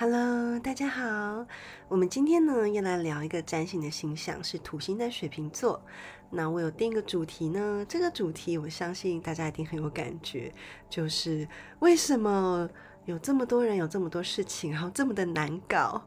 Hello，大家好。我們今天呢，要來聊一個占星的星象，是土星在水瓶座。那我有定一個主題呢，這個主題我相信大家一定很有感覺，就是為什麼有這麼多人，有這麼多事情，然後這麼的難搞。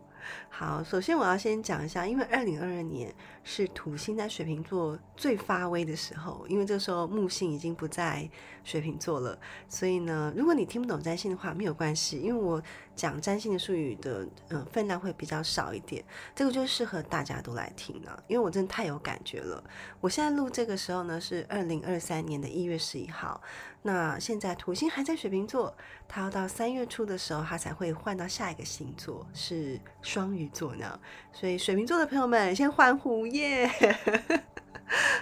好，首先我要先講一下，因為二零二二年，是土星在水瓶座最發威的時候，因為這個時候木星已經不在水瓶座了，所以呢，如果你聽不懂占星的話，沒有關係，因為我講占星的術語的，嗯、呃，分量會比較少一點，這個就適合大家都來聽呢、啊，因為我真的太有感覺了。我現在錄這個時候呢，是二零二三年的一月十一號，那現在土星還在水瓶座，它要到三月初的時候，它才會換到下一個星座是雙魚座呢，所以水瓶座的朋友們先歡呼！耶、yeah!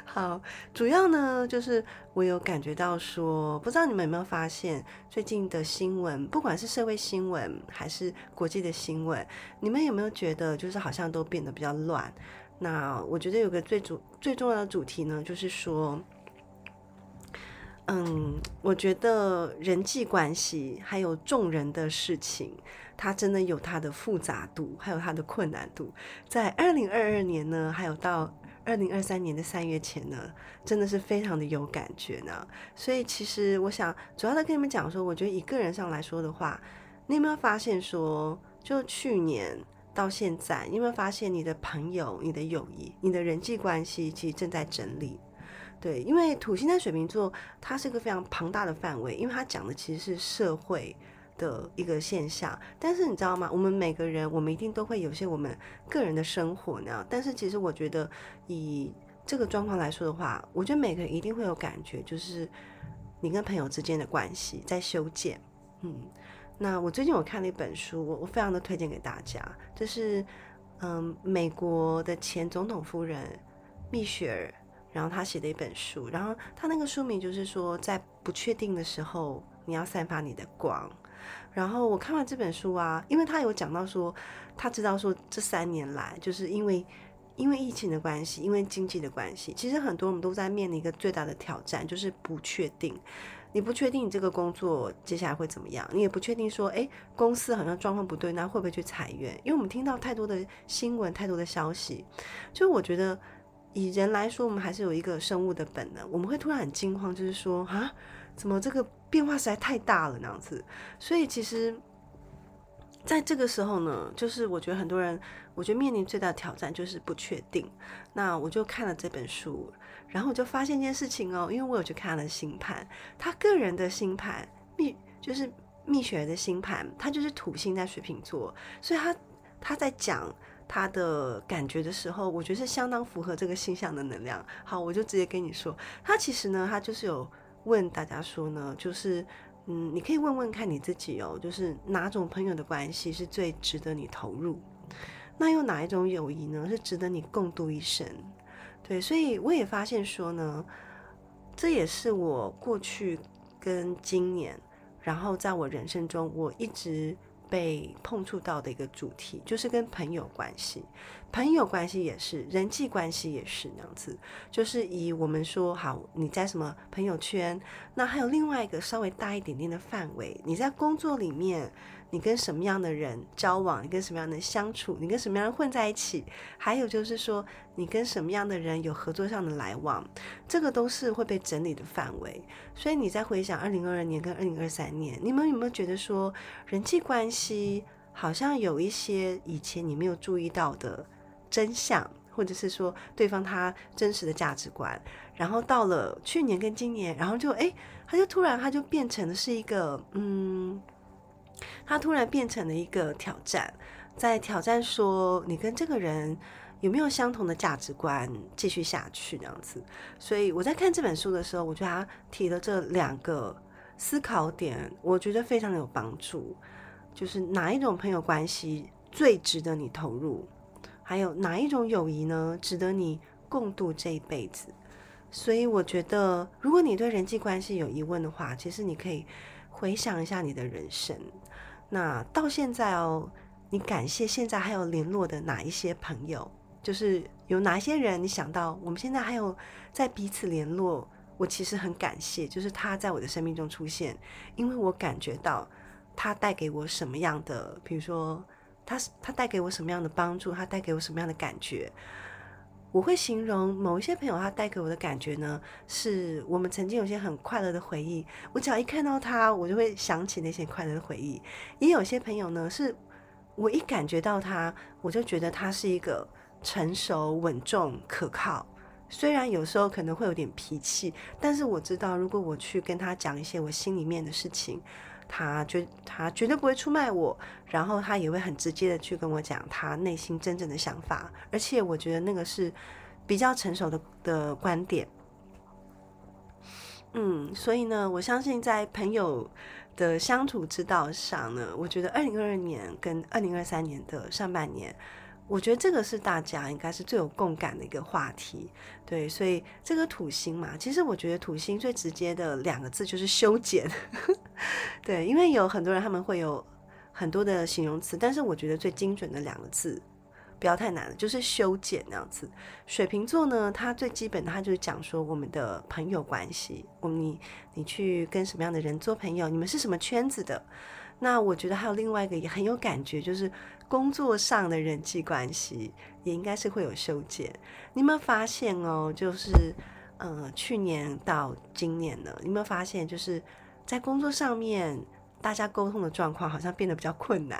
好，主要呢就是我有感覺到說，不知道你們有沒有發現，最近的新聞，不管是社會新聞還是國際的新聞，你們有沒有覺得就是好像都變得比較亂？那我覺得有個最主最重要的主題呢，就是說，嗯，我覺得人際關係還有眾人的事情。它真的有它的複雜度，還有它的困難度。在二零二二年呢，還有到二零二三年的三月前呢，真的是非常的有感覺呢。所以其實我想主要的跟你們講說，我覺得一個人上來說的話，你有沒有發現說，就去年到現在，你有沒有發現你的朋友、你的友誼、你的人際關係其實正在整理？對，因為土星在水瓶座，它是一個非常龐大的範圍，因為它講的其實是社會。的一個現象，但是你知道嗎？我們每個人，我們一定都會有些我們個人的生活呢。但是其實我覺得，以這個狀況來說的話，我覺得每個人一定會有感覺，就是你跟朋友之間的關係在修剪。嗯，那我最近我看了一本書，我我非常的推薦給大家，這、就是嗯美國的前總統夫人蜜雪兒，然後她寫的一本書，然後她那個書名就是說，在不確定的時候，你要散發你的光。然後我看完這本書啊，因為他有講到說，他知道說這三年來，就是因為因為疫情的關係，因為經濟的關係，其實很多我們都在面臨一個最大的挑戰，就是不確定。你不確定你這個工作接下來會怎麼樣，你也不確定說，誒，公司好像狀況不對，那會不會去裁員？因為我們聽到太多的新聞，太多的消息，就我覺得。以人來說，我們還是有一個生物的本能，我們會突然很驚慌，就是說啊，怎麼這個變化實在太大了那樣子。所以其實，在這個時候呢，就是我覺得很多人，我覺得面臨最大的挑戰就是不確定。那我就看了這本書，然後我就發現一件事情哦，因為我有去看他的星盤，他個人的星盤，蜜就是蜜雪兒的星盤，他就是土星在水瓶座，所以他他在講。他的感覺的時候，我覺得是相當符合這個星象的能量。好，我就直接跟你說，他其實呢，他就是有問大家說呢，就是嗯，你可以問問看你自己哦，就是哪種朋友的關係是最值得你投入？那又哪一種友誼呢，是值得你共度一生？對，所以我也發現說呢，這也是我過去跟今年，然後在我人生中，我一直。被碰觸到的一個主題，就是跟朋友關係，朋友關係也是人際關係也是那樣子，就是以我們說好，你在什麼朋友圈，那還有另外一個稍微大一點點的範圍，你在工作裡面。你跟什麼樣的人交往？你跟什麼樣的人相處？你跟什麼樣的人混在一起？還有就是說，你跟什麼樣的人有合作上的來往？這個都是會被整理的範圍。所以你再回想二零二二年跟二零二三年，你們有沒有覺得說人際關係好像有一些以前你沒有注意到的真相，或者是說對方他真實的價值觀？然後到了去年跟今年，然後就哎、欸，他就突然他就變成了是一個嗯。他突然變成了一個挑戰，在挑戰說你跟這個人有沒有相同的價值觀繼續下去這樣子。所以我在看這本書的時候，我覺得他提的這兩個思考點，我覺得非常有幫助。就是哪一種朋友關係最值得你投入，還有哪一種友誼呢，值得你共度這一輩子？所以我覺得，如果你對人際關係有疑問的話，其實你可以。回想一下你的人生，那到現在哦，你感謝現在還有聯絡的哪一些朋友？就是有哪些人，你想到我們現在還有在彼此聯絡，我其實很感謝，就是他在我的生命中出現，因為我感覺到他帶給我什麼樣的，比如說他他帶給我什麼樣的幫助，他帶給我什麼樣的感覺。我會形容某一些朋友，他帶給我的感覺呢，是我們曾經有些很快樂的回憶。我只要一看到他，我就會想起那些快樂的回憶。也有些朋友呢，是我一感覺到他，我就覺得他是一個成熟、穩重、可靠。雖然有時候可能會有點脾氣，但是我知道，如果我去跟他講一些我心裡面的事情。他絕他絕對不會出賣我，然後他也會很直接的去跟我講他內心真正的想法，而且我覺得那個是比較成熟的的觀點。嗯，所以呢，我相信在朋友的相處之道上呢，我覺得二零二二年跟二零二三年的上半年。我覺得這個是大家應該是最有共感的一個話題，對，所以這個土星嘛，其實我覺得土星最直接的兩個字就是修剪， 對，因為有很多人他們會有很多的形容詞，但是我覺得最精準的兩個字不要太難了，就是修剪那樣子。水瓶座呢，它最基本的它就是講說我們的朋友關係，我們你你去跟什麼樣的人做朋友，你們是什麼圈子的？那我覺得還有另外一個也很有感覺，就是。工作上的人際關係也應該是會有修剪。你有沒有發現哦？就是，呃，去年到今年呢，你有沒有發現？就是在工作上面，大家溝通的狀況好像變得比較困難。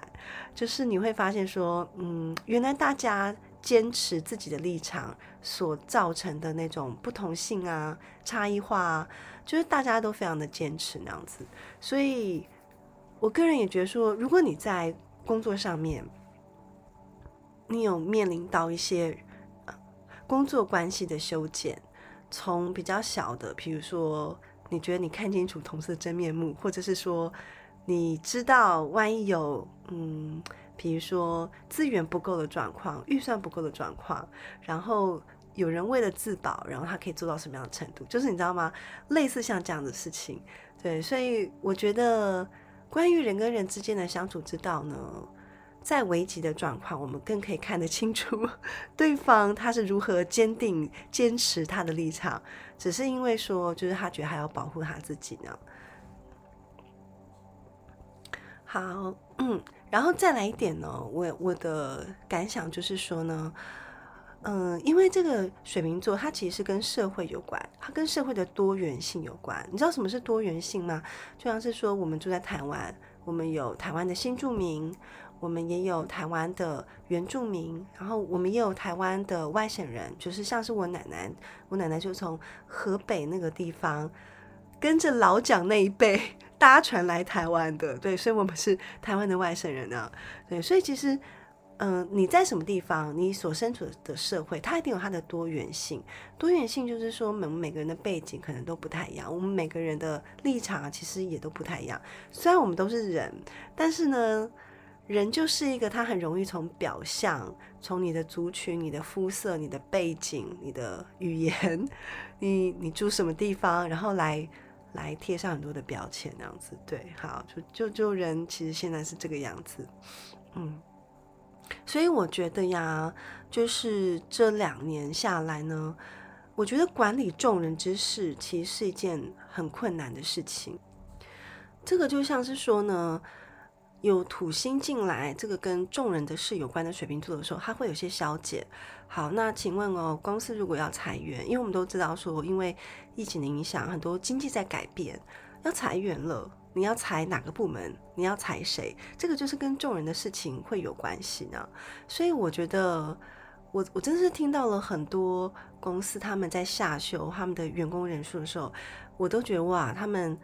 就是你會發現說，嗯，原來大家堅持自己的立場所造成的那種不同性啊、差異化啊，就是大家都非常的堅持那樣子。所以，我個人也覺得說，如果你在工作上面，你有面臨到一些工作關係的修剪，從比較小的，比如說你覺得你看清楚同事的真面目，或者是說你知道萬一有嗯，比如說資源不夠的狀況、預算不夠的狀況，然後有人為了自保，然後他可以做到什麼樣的程度？就是你知道嗎？類似像這樣的事情，對，所以我覺得關於人跟人之間的相處之道呢，在危急的狀況，我們更可以看得清楚對方他是如何堅定堅持他的立場，只是因為說，就是他覺得還要保護他自己呢。好，嗯，然後再來一點呢，哦，我我的感想就是說呢，嗯，因為這個水瓶座它其實是跟社會有關，它跟社會的多元性有關。你知道什麼是多元性嗎？就像是說，我們住在台灣，我們有台灣的新住民。我們也有台灣的原住民，然後我們也有台灣的外省人，就是像是我奶奶，我奶奶就從河北那個地方跟着老蔣那一輩搭船來台灣的，對，所以我們是台灣的外省人呢、啊。對，所以其實，嗯、呃，你在什麼地方，你所身處的社會，它一定有它的多元性。多元性就是說，我們每個人的背景可能都不太一樣，我們每個人的立場啊，其實也都不太一樣。雖然我們都是人，但是呢。人就是一個，他很容易從表象，從你的族群、你的膚色、你的背景、你的語言，你你住什麼地方，然後來來貼上很多的標籤，那樣子對，好，就就就人其實現在是這個樣子，嗯，所以我覺得呀，就是這兩年下來呢，我覺得管理眾人之事其實是一件很困難的事情，這個就像是說呢。有土星進來，這個跟眾人的事有關的水瓶座的時候，它會有些消解。好，那請問哦，公司如果要裁員，因為我們都知道說，因為疫情的影響，很多經濟在改變，要裁員了，你要裁哪個部門？你要裁誰？這個就是跟眾人的事情會有關係呢。所以我覺得我，我我真的是聽到了很多公司他們在下修他們的員工人數的時候，我都覺得哇，他們。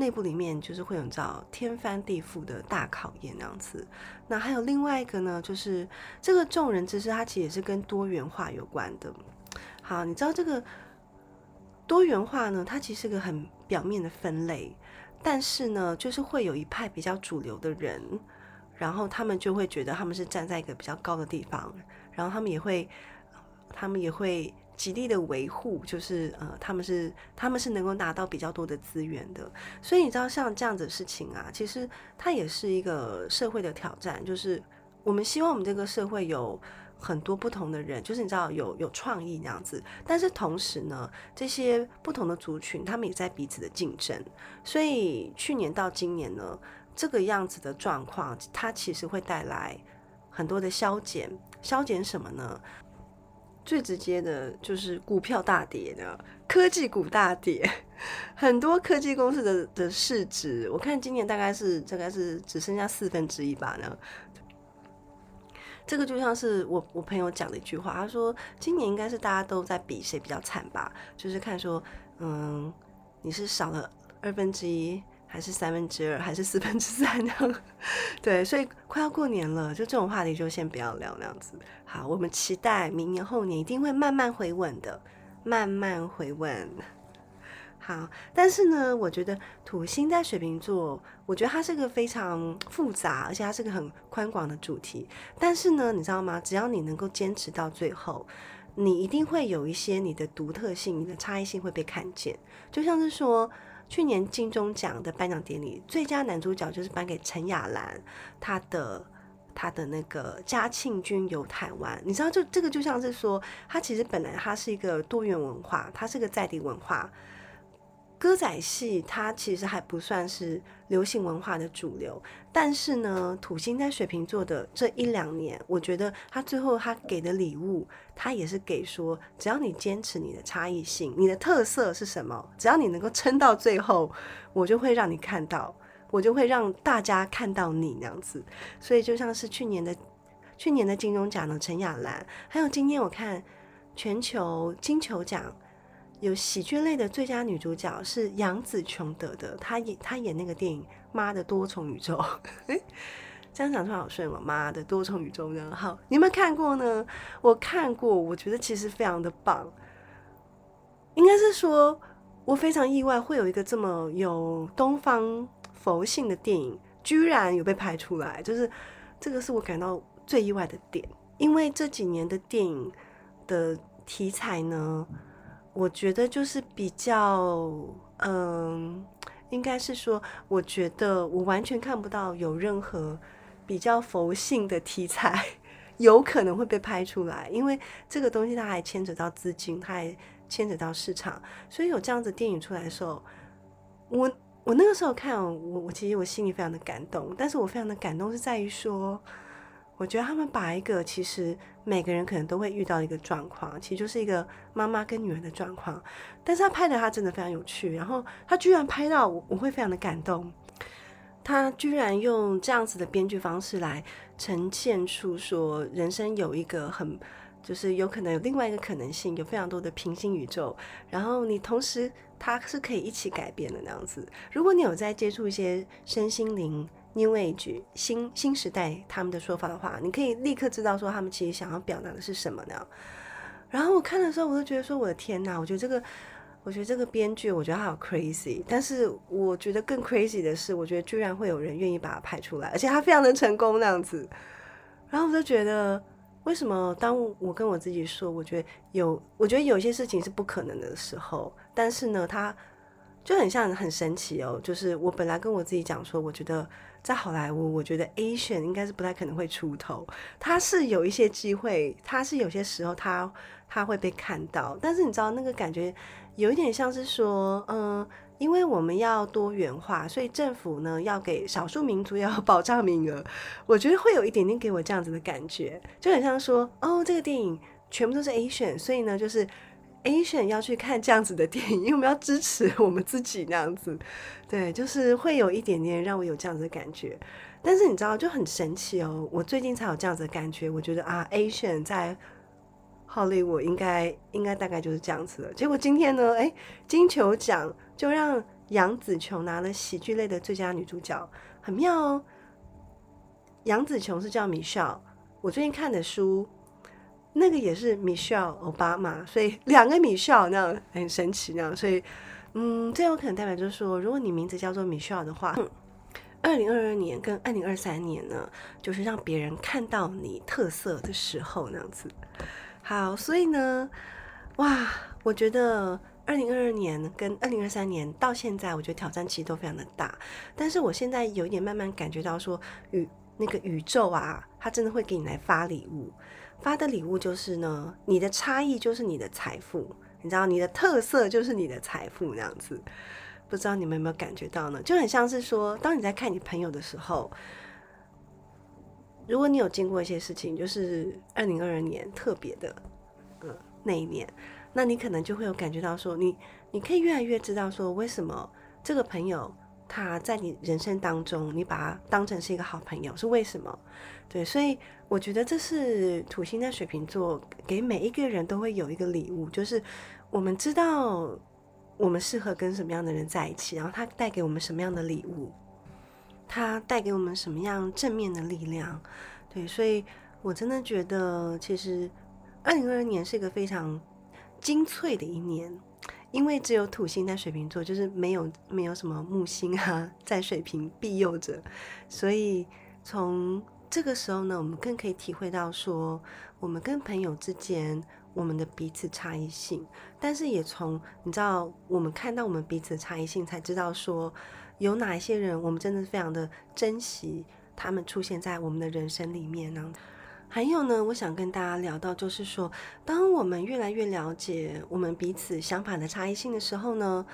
內部裡面就是會有叫天翻地覆的大考驗那樣子，那還有另外一個呢，就是這個眾人之事，它其實也是跟多元化有關的。好，你知道這個多元化呢，它其實是個很表面的分類，但是呢，就是會有一派比較主流的人，然後他們就會覺得他們是站在一個比較高的地方，然後他們也會，他們也會。極力的維護，就是呃，他們是他們是能夠拿到比較多的資源的。所以你知道，像這樣子的事情啊，其實它也是一個社會的挑戰。就是我們希望我們這個社會有很多不同的人，就是你知道有有創意那樣子。但是同時呢，這些不同的族群，他們也在彼此的競爭。所以去年到今年呢，這個樣子的狀況，它其實會帶來很多的消減。消減什麼呢？最直接的就是股票大跌的，科技股大跌，很多科技公司的的市值，我看今年大概是，大概是只剩下四分之一吧。那這個就像是我我朋友講的一句話，他說今年應該是大家都在比誰比較慘吧，就是看說，嗯，你是少了二分之一。還是三分之二，還是四分之三呢？啊、樣， 對，所以快要過年了，就這種話題就先不要聊那樣子。好，我們期待明年後年一定會慢慢回穩的，慢慢回穩。好，但是呢，我覺得土星在水瓶座，我覺得它是個非常複雜，而且它是個很寬廣的主題。但是呢，你知道嗎？只要你能夠堅持到最後，你一定會有一些你的獨特性，你的差異性會被看見。就像是說。去年金鐘獎的頒獎典禮，最佳男主角就是頒給陳雅蘭，他的他的那個《嘉慶君遊台灣》，你知道就，就這個就像是說，他其實本來他是一個多元文化，他是個在地文化。歌仔戲它其實還不算是流行文化的主流，但是呢，土星在水瓶座的這一兩年，我覺得他最後他給的禮物，他也是給說，只要你堅持你的差異性，你的特色是什麼，只要你能夠撐到最後，我就會讓你看到，我就會讓大家看到你那樣子。所以就像是去年的去年的金鐘獎的陳亞蘭，還有今天我看全球金球獎。有喜劇類的最佳女主角是楊紫瓊得的，她演她演那個電影《媽的多重宇宙》。哎， 這樣講出來好順嗎？《媽的多重宇宙》。好，你有沒有看過呢？我看過，我覺得其實非常的棒。應該是說，我非常意外會有一個這麼有東方佛性的電影，居然有被拍出來。就是這個是我感到最意外的點，因為這幾年的電影的題材呢。我覺得就是比較，嗯，應該是說，我覺得我完全看不到有任何比較佛性的題材有可能會被拍出來，因為這個東西它還牽扯到資金，它還牽扯到市場，所以有這樣子電影出來的時候，我我那個時候看我，我我其實我心裡非常的感動，但是我非常的感動是在於說。我覺得他們把一個其實每個人可能都會遇到一個狀況，其實就是一個媽媽跟女兒的狀況。但是他拍的他真的非常有趣，然後他居然拍到我，我會非常的感動。他居然用這樣子的編劇方式來呈現出說，人生有一個很，就是有可能有另外一個可能性，有非常多的平行宇宙。然後你同時他是可以一起改變的那樣子。如果你有在接觸一些身心靈。因為一句新新時代他們的說法的話，你可以立刻知道說他們其實想要表達的是什麼呢？然後我看的時候，我就覺得說，我的天哪！我覺得這個，我覺得這個編劇，我覺得好 crazy。但是我覺得更 crazy 的是，我覺得居然會有人願意把它拍出來，而且它非常的成功那樣子。然後我就覺得，為什麼當我跟我自己說，我覺得有，我覺得有些事情是不可能的時候，但是呢，它。就很像很神奇哦，就是我本來跟我自己講說，我覺得在好萊塢，我覺得 Asian 應該是不太可能會出頭。他是有一些機會，他是有些時候他他會被看到，但是你知道那個感覺有一點像是說，嗯，因為我們要多元化，所以政府呢要給少數民族要保障名額。我覺得會有一點點給我這樣子的感覺，就很像說，哦，這個電影全部都是 Asian，所以呢就是。Asian 要去看這樣子的電影，因為我們要支持我們自己那樣子，對，就是會有一點點讓我有這樣子的感覺。但是你知道，就很神奇哦，我最近才有這樣子的感覺。我覺得啊，Asian 在好萊塢應該應該大概就是這樣子的。結果今天呢，哎、欸，金球獎就讓楊紫瓊拿了喜劇類的最佳女主角，很妙哦。楊紫瓊是叫 Michelle，我最近看的書。那個也是 Michelle Obama，所以兩個 Michelle 那樣，很神奇那樣，所以嗯，最有可能代表就是說，如果你名字叫做 Michelle 的話，嗯，二零二二年跟二零二三年呢，就是讓別人看到你特色的時候那樣子。好，所以呢，哇，我覺得二零二二年跟二零二三年到現在，我覺得挑戰其實都非常的大，但是我現在有點慢慢感覺到說，宇那個宇宙啊，它真的會給你來發禮物。發的禮物就是呢，你的差異就是你的財富，你知道，你的特色就是你的財富那樣子。不知道你們有沒有感覺到呢？就很像是說，當你在看你朋友的時候，如果你有經過一些事情，就是二零二二年特別的，嗯、呃，那一年，那你可能就會有感覺到說，你你可以越來越知道說，為什麼這個朋友，他在你人生當中，你把他當成是一個好朋友，是為什麼？對，所以我覺得這是土星在水瓶座給每一個人都會有一個禮物，就是我們知道我們適合跟什麼樣的人在一起，然後他帶給我們什麼樣的禮物，他帶給我們什麼樣正面的力量。對，所以我真的覺得，其實2022年是一個非常精粹的一年。因為只有土星在水瓶座，就是沒有沒有什麼木星啊在水瓶庇佑着，所以從這個時候呢，我們更可以體會到說，我們跟朋友之間我們的彼此差異性，但是也從你知道我們看到我們彼此的差異性，才知道說有哪一些人我們真的是非常的珍惜他們出現在我們的人生裡面呢啊。還有呢，我想跟大家聊到，就是說，當我們越來越了解我們彼此想法的差異性的時候呢，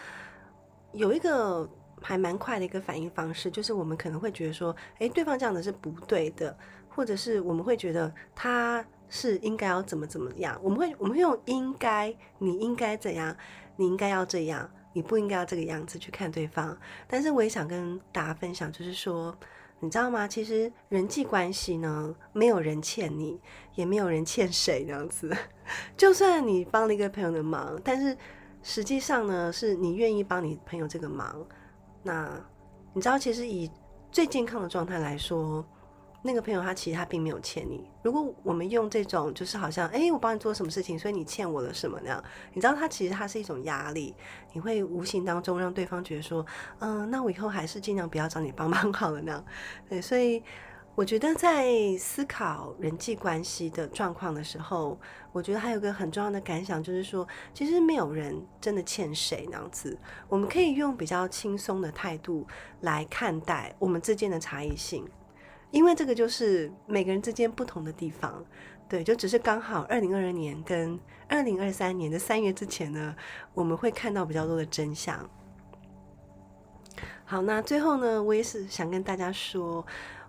有一個還蠻快的一個反應方式，就是我們可能會覺得說，誒，對方這樣的是不對的，或者是我們會覺得他是應該要怎麼怎麼樣，我們會我們用應該，你應該怎樣，你應該要這樣，你不應該要這個樣子去看對方。但是我也想跟大家分享，就是說。你知道嗎？其實人際關係呢，沒有人欠你，也沒有人欠誰這樣子。 就算你幫了一個朋友的忙，但是實際上呢，是你願意幫你朋友這個忙。那你知道，其實以最健康的狀態來說，那個朋友他其實他並沒有欠你。如果我們用這種就是好像誒，我幫你做什麼事情，所以你欠我了什麼那樣，你知道他其實他是一種壓力，你會無形當中讓對方覺得說，嗯，呃，那我以後還是盡量不要找你幫忙好了那樣。對，所以我覺得在思考人際關係的狀況的時候，我覺得還有一個很重要的感想就是說，其實沒有人真的欠誰那樣子。我們可以用比較輕鬆的態度來看待我們之間的差異性。因為這個就是每個人之間不同的地方，對，就只是剛好二零二二年跟二零二三年的三月之前呢，我們會看到比較多的真相。好，那最後呢，我也是想跟大家說，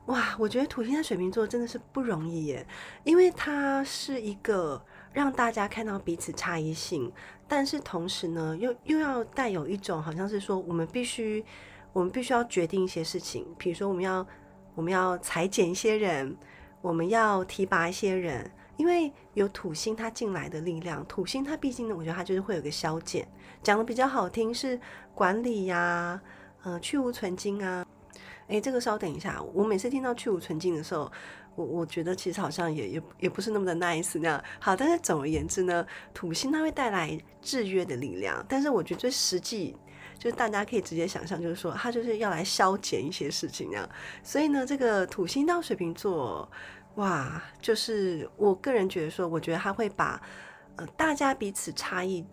哇，我覺得土星在水瓶座真的是不容易耶，因為它是一個讓大家看到彼此差異性，但是同時呢，又又要帶有一種好像是說我們必須，我們必須要決定一些事情，比如說我們要。我們要裁剪一些人，我們要提拔一些人，因為有土星它進來的力量。土星它畢竟呢，我覺得它就是會有個消減，講的比較好聽是管理呀、啊，呃，去蕪存菁啊。哎，這個稍等一下，我每次聽到去蕪存菁的時候，我我覺得其實好像也也也不是那麼的 nice 那樣。好，但是總而言之呢，土星它會帶來制約的力量，但是我覺得最實際。就是大家可以直接想象，就是說他就是要來削減一些事情這樣，所以呢，這個土星到水瓶座，哇，就是我個人覺得說，我覺得他會把呃大家彼此差異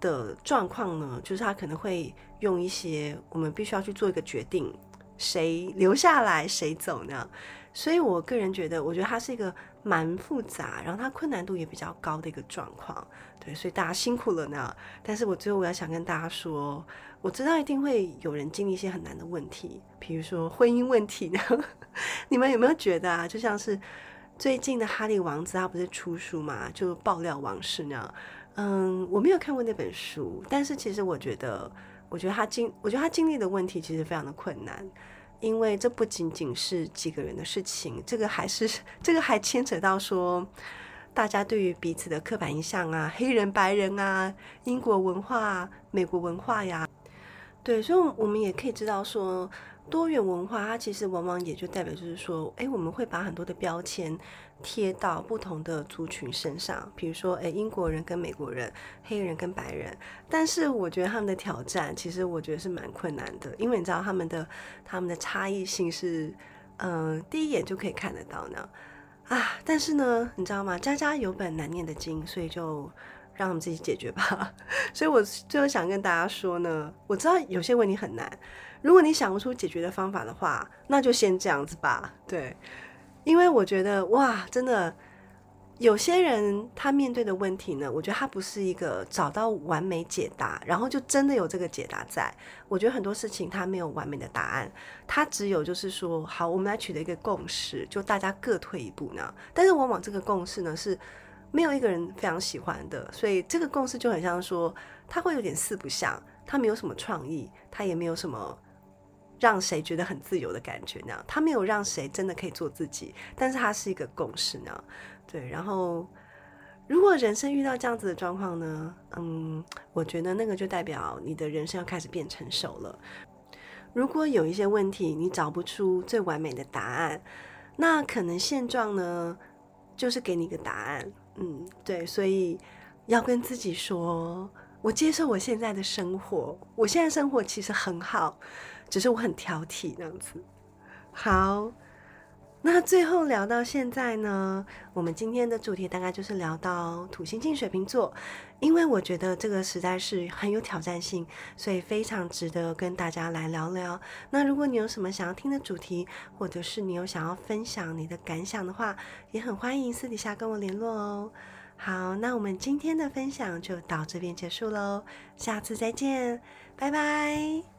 的狀況呢，就是他可能會用一些我們必須要去做一個決定，誰留下來，誰走呢？所以我個人覺得，我覺得他是一個。蠻複雜，然後它困難度也比較高的一個狀況，對，所以大家辛苦了呢。但是我最後我要想跟大家說，我知道一定會有人經歷一些很難的問題，比如說婚姻問題呢。你們有沒有覺得啊？就像是最近的哈利王子，他不是出書嘛，就爆料往事那樣。嗯，我沒有看過那本書，但是其實我覺得，我覺得他經，我覺得他經歷的問題其實非常的困難。因為這不僅僅是幾個人的事情，這個還是這個還牽扯到說，大家對於彼此的刻板印象啊，黑人、白人啊，英國文化、美國文化呀，對，所以，我們也可以知道說。多元文化，它其實往往也就代表，就是說，誒、欸，我們會把很多的標籤貼到不同的族群身上，比如說，誒、欸，英國人跟美國人，黑人跟白人。但是我覺得他們的挑戰，其實我覺得是蠻困難的，因為你知道他們的他們的差異性是，嗯、呃，第一眼就可以看得到呢。啊，但是呢，你知道嗎？家家有本難念的經，所以就讓他們自己解決吧。所以我最後想跟大家說呢，我知道有些問題很難。如果你想不出解決的方法的話，那就先這樣子吧。對，因為我覺得哇，真的有些人他面對的問題呢，我覺得他不是一個找到完美解答，然後就真的有這個解答在。我覺得很多事情他沒有完美的答案，他只有就是說，好，我們來取得一個共識，就大家各退一步呢。但是往往這個共識呢是沒有一個人非常喜歡的，所以這個共識就很像說，他會有點四不像，他沒有什麼創意，他也沒有什麼。讓誰覺得很自由的感覺呢，他沒有讓誰真的可以做自己，但是他是一個共識呢。對，然後如果人生遇到這樣子的狀況呢，嗯，我覺得那個就代表你的人生要開始變成熟了。如果有一些問題你找不出最完美的答案，那可能現狀呢就是給你一個答案。嗯，對，所以要跟自己說，我接受我現在的生活，我現在生活其實很好。只是我很挑剔那樣子。好，那最後聊到現在呢，我們今天的主題大概就是聊到土星進水瓶座，因為我覺得這個實在是很有挑戰性，所以非常值得跟大家來聊聊。那如果你有什麼想要聽的主題，或者是你有想要分享你的感想的話，也很歡迎私底下跟我聯絡哦。好，那我們今天的分享就到這邊結束嘍，下次再見，拜拜。